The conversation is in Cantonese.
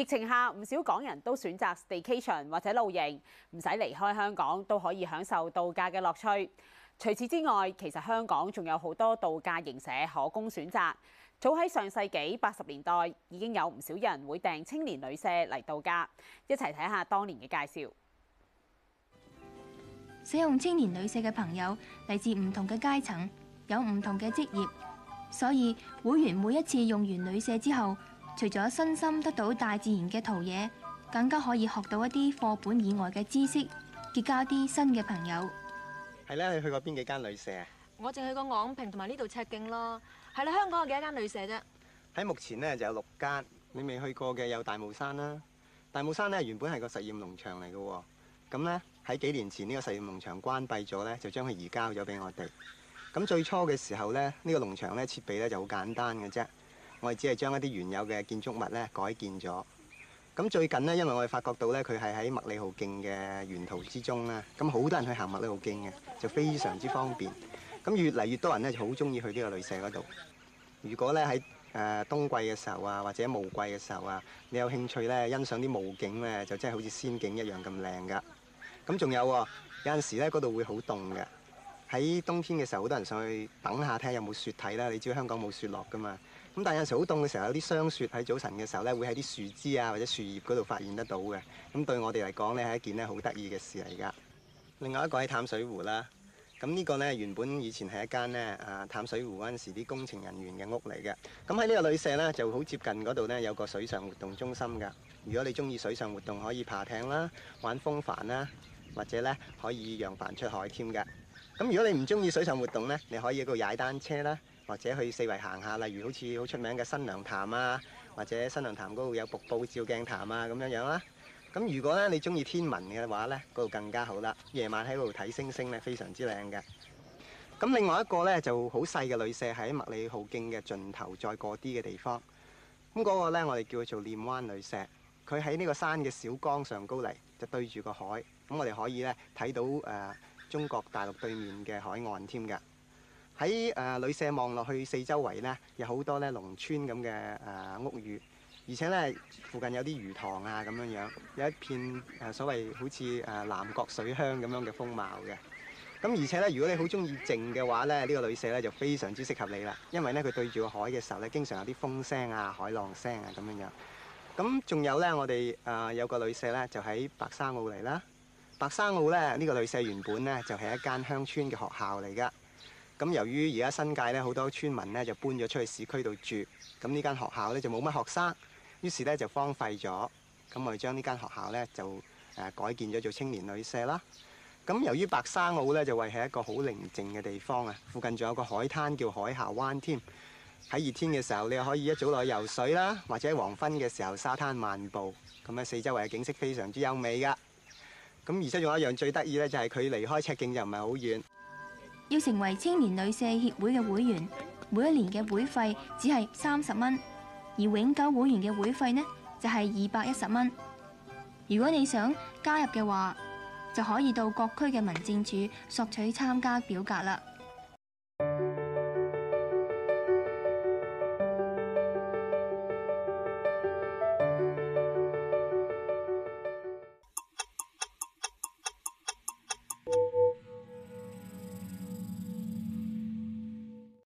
疫情下，唔少港人都選擇 staycation 或者露營，唔使離開香港都可以享受度假嘅樂趣。除此之外，其實香港仲有好多度假營舍可供選擇。早喺上世紀八十年代，已經有唔少人會訂青年旅舍嚟度假。一齊睇下當年嘅介紹。使用青年旅舍嘅朋友嚟自唔同嘅階層，有唔同嘅職業，所以會員每一次用完旅舍之後，除咗身心得到大自然嘅陶冶，更加可以學到一啲課本以外嘅知識，結交啲新嘅朋友。係啦，你去過邊幾間旅社啊？我淨去過昂坪同埋呢度赤徑咯。係啦，香港有幾多間旅社啫？喺目前呢，就有六間，你未去過嘅有大帽山啦。大帽山呢，原本係個實驗農場嚟嘅。哦，咁呢，喺幾年前呢，這個實驗農場關閉咗呢，就將佢移交咗俾我哋。咁最初嘅時候呢，呢，這個農場呢設備呢就好簡單嘅啫。我哋只係將一啲原有嘅建築物咧改建咗。咁最近呢，因為我哋發覺到咧，佢係喺麥理浩徑嘅沿途之中啦。咁好多人去行麥理浩徑嘅，就非常之方便。咁越嚟越多人咧就好中意去呢個旅舍嗰度。如果咧喺誒冬季嘅時候啊，或者霧季嘅時候啊，你有興趣咧欣賞啲霧景咧，就真係好似仙境一樣咁靚㗎。咁仲有、哦、有陣時咧，嗰度會好凍嘅。喺冬天嘅時候，好多人上去等下睇下有冇雪睇啦。你知香港冇雪落㗎嘛？咁但有時好凍嘅時候，有啲霜雪喺早晨嘅時候咧，會喺啲樹枝啊或者樹葉嗰度發現得到嘅。咁對我哋嚟講咧，係一件咧好得意嘅事嚟㗎。另外一個係淡水湖啦。咁呢個咧原本以前係一間咧啊淡水湖嗰陣時啲工程人員嘅屋嚟嘅。咁喺呢個旅舍咧就好接近嗰度咧有個水上活動中心㗎。如果你中意水上活動，可以爬艇啦、玩風帆啦，或者咧可以揚帆出海添㗎。咁如果你唔中意水上活動咧，你可以去踩單車啦。或者去四圍行下，例如好似好出名嘅新娘潭啊，或者新娘潭嗰度有瀑布，照鏡潭啊咁樣樣啦、啊。咁如果咧你中意天文嘅話咧，嗰度更加好啦。夜晚喺度睇星星咧，非常之靚嘅。咁另外一個咧就好細嘅旅舍，喺麥理浩徑嘅盡頭再過啲嘅地方。咁、那、嗰個咧，我哋叫做「念灣旅舍」。佢喺呢個山嘅小江上高嚟，就對住個海。咁我哋可以咧睇到誒、呃、中國大陸對面嘅海岸添㗎。喺誒旅舍望落去四周圍呢，有好多呢農村咁嘅誒屋宇，而且呢附近有啲魚塘啊，咁樣樣有一片誒、呃、所謂好似誒、呃、南國水鄉咁樣嘅風貌嘅。咁、嗯、而且呢，如果你好中意靜嘅話呢，呢、呢個旅舍呢就非常之適合你啦，因為呢，佢對住個海嘅時候呢，經常有啲風聲啊、海浪聲啊咁樣樣。咁、嗯、仲有呢，我哋誒、呃、有個旅舍呢，就喺白沙澳嚟啦。白沙澳呢，呢、呢個旅舍原本呢，就係、是、一間鄉村嘅學校嚟噶。咁由於而家新界咧好多村民咧就搬咗出去市區度住，咁呢間學校咧就冇乜學生，於是咧就荒廢咗。咁我哋將呢間學校咧就誒、呃、改建咗做青年旅舍啦。咁由於白沙澳咧就位喺一個好寧靜嘅地方啊，附近仲有個海灘叫海下灣添。喺熱天嘅時候，你又可以一早落去游水啦，或者黃昏嘅時候沙灘漫步。咁喺四周圍嘅景色非常之優美噶。咁而且仲有一樣最得意咧，就係佢離開赤徑就唔係好遠。要成為青年旅舍協會嘅會員，每一年嘅會費只係三十蚊，而永久會員嘅會費呢就係二百一十蚊。如果你想加入嘅話，就可以到各區嘅民政處索取參加表格啦。